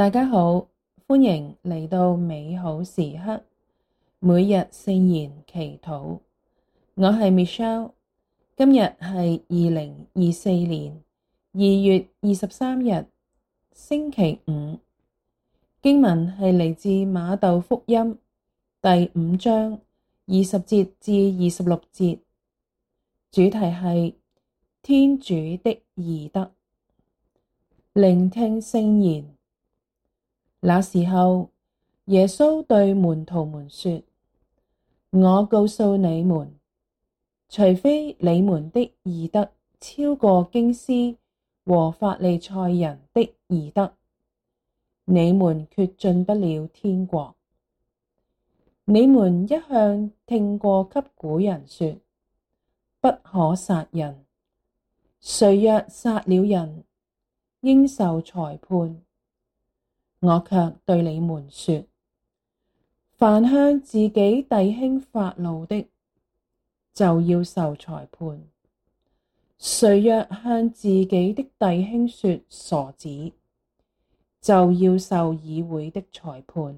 大家好，歡迎嚟到美好時刻，每日聖言祈禱。我係 Michelle，今日係二零二四年二月二十三日星期五。經文係嚟自馬竇福音第五章二十節至二十六節，主題係天主的義德，聆聽聖言。那時候，耶穌對門徒們說：我告訴你們，除非你們的義德超過經師和法利賽人的義德，你們決進不了天國。你們一向聽過給古人說，不可殺人，誰若殺了人，應受裁判。我卻對你們說：凡向自己弟兄發怒的，就要受裁判；誰若向自己的弟兄說傻子，就要受議會的裁判；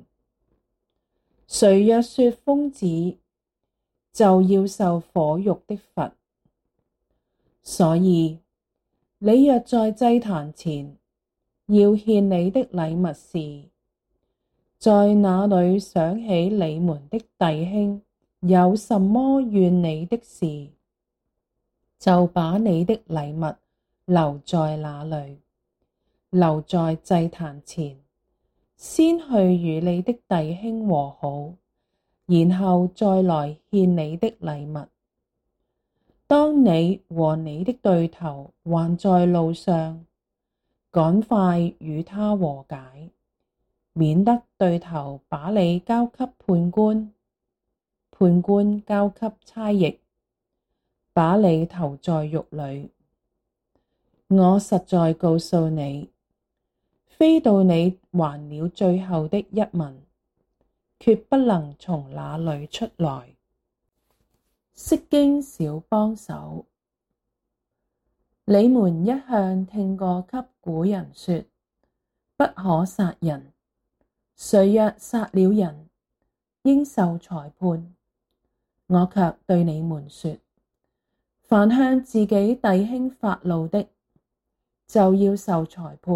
誰若說瘋子，就要受火獄的罰。所以，你若在祭壇前，要獻你的禮物時，在那裏想起你們的弟兄，有什麼怨你的事，就把你的禮物留在那裏，留在祭壇前，先去與你的弟兄和好，然後再來獻你的禮物。當你和你的對頭還在路上，趕快與他和解，免得對頭把你交給判官，判官交給差役，把你投在獄裏。我實在告訴你，非到你還了最後的一文，決不能從那裏出來。釋經小幫手。你們一向聽過給古人說，不可殺人，誰若殺了人，應受裁判。我卻對你們說，凡向自己弟兄發怒的，就要受裁判；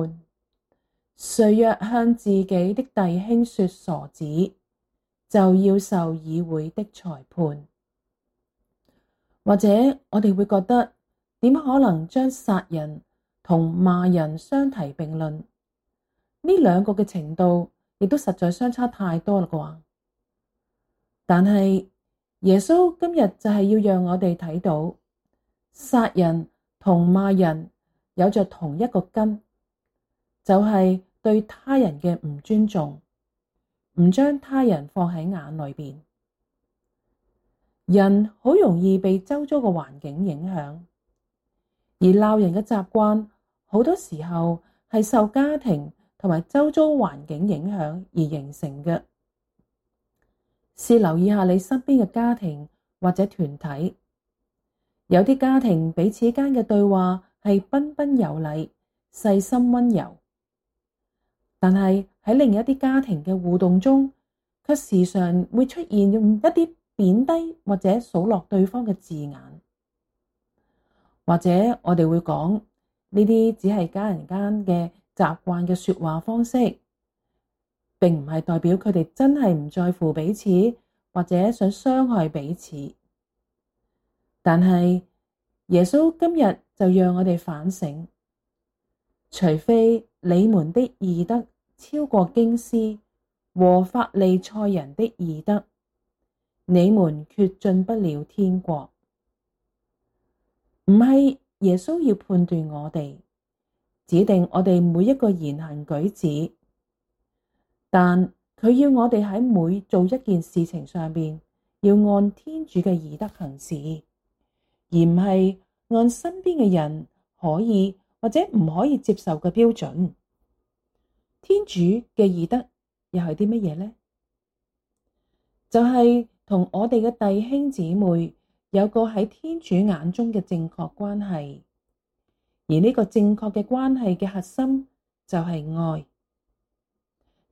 誰若向自己的弟兄說傻子，就要受議會的裁判。或者我哋會覺得。點可能將殺人同罵人相提並論？呢兩個嘅程度亦都實在相差太多啦啩。但係耶穌今日就係要讓我哋睇到殺人同罵人有着同一個根，就係對他人嘅唔尊重，唔將他人放喺眼裏邊。人好容易被周遭嘅環境影響。而鬧人嘅習慣，好多時候係受家庭同埋周遭環境影響而形成嘅。試留意下你身邊嘅家庭或者團體，有啲家庭彼此間嘅對話係彬彬有禮、細心温柔，但係喺另一啲家庭嘅互動中，却時常會出現用一啲貶低或者數落對方嘅字眼。或者我哋會講呢啲只係家人間嘅習慣嘅說話方式，並唔係代表佢哋真係唔在乎彼此，或者想傷害彼此。但係耶穌今日就讓我哋反省，除非你們的義德超過經師和法利賽人的義德，你們決進不了天國。唔係耶穌要判斷我哋，指定我哋每一個言行舉止，但佢要我哋喺每做一件事情上邊，要按天主嘅義德行事，而唔係按身邊嘅人可以或者唔可以接受嘅標準。天主嘅義德又係啲乜嘢呢？就係、是、同我哋嘅弟兄姊妹。有個喺天主眼中嘅正確關係，而呢個正確嘅關係嘅核心就係愛。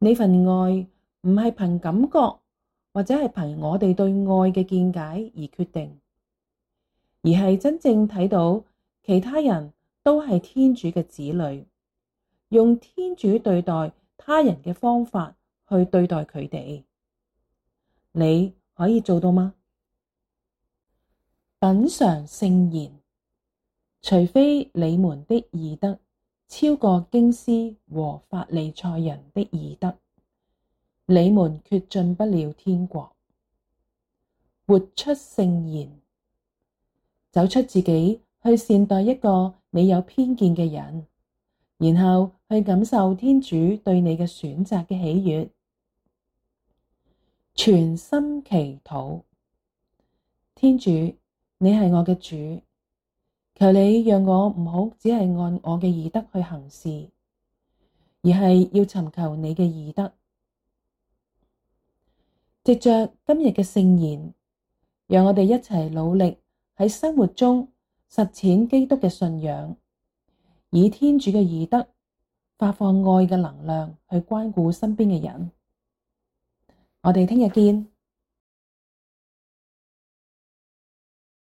呢份愛唔係憑感覺或者係憑我哋對愛嘅見解而決定，而係真正睇到其他人都係天主嘅子女，用天主對待他人嘅方法去對待佢哋。你可以做到嗎？品嚐聖言，除非你們的義德超過經師和法利賽人的義德，你們決進不了天國。活出聖言，走出自己，去善待一個你有偏見嘅人，然後去感受天主對你嘅選擇嘅喜悅。全心祈禱，天主。你係我嘅主，求你讓我唔好只係按我嘅義德去行事，而係要尋求你嘅義德。藉着今日嘅聖言，讓我哋一齊努力喺生活中實踐基督嘅信仰，以天主嘅義德發放愛嘅能量去關顧身邊嘅人。我哋聽日見。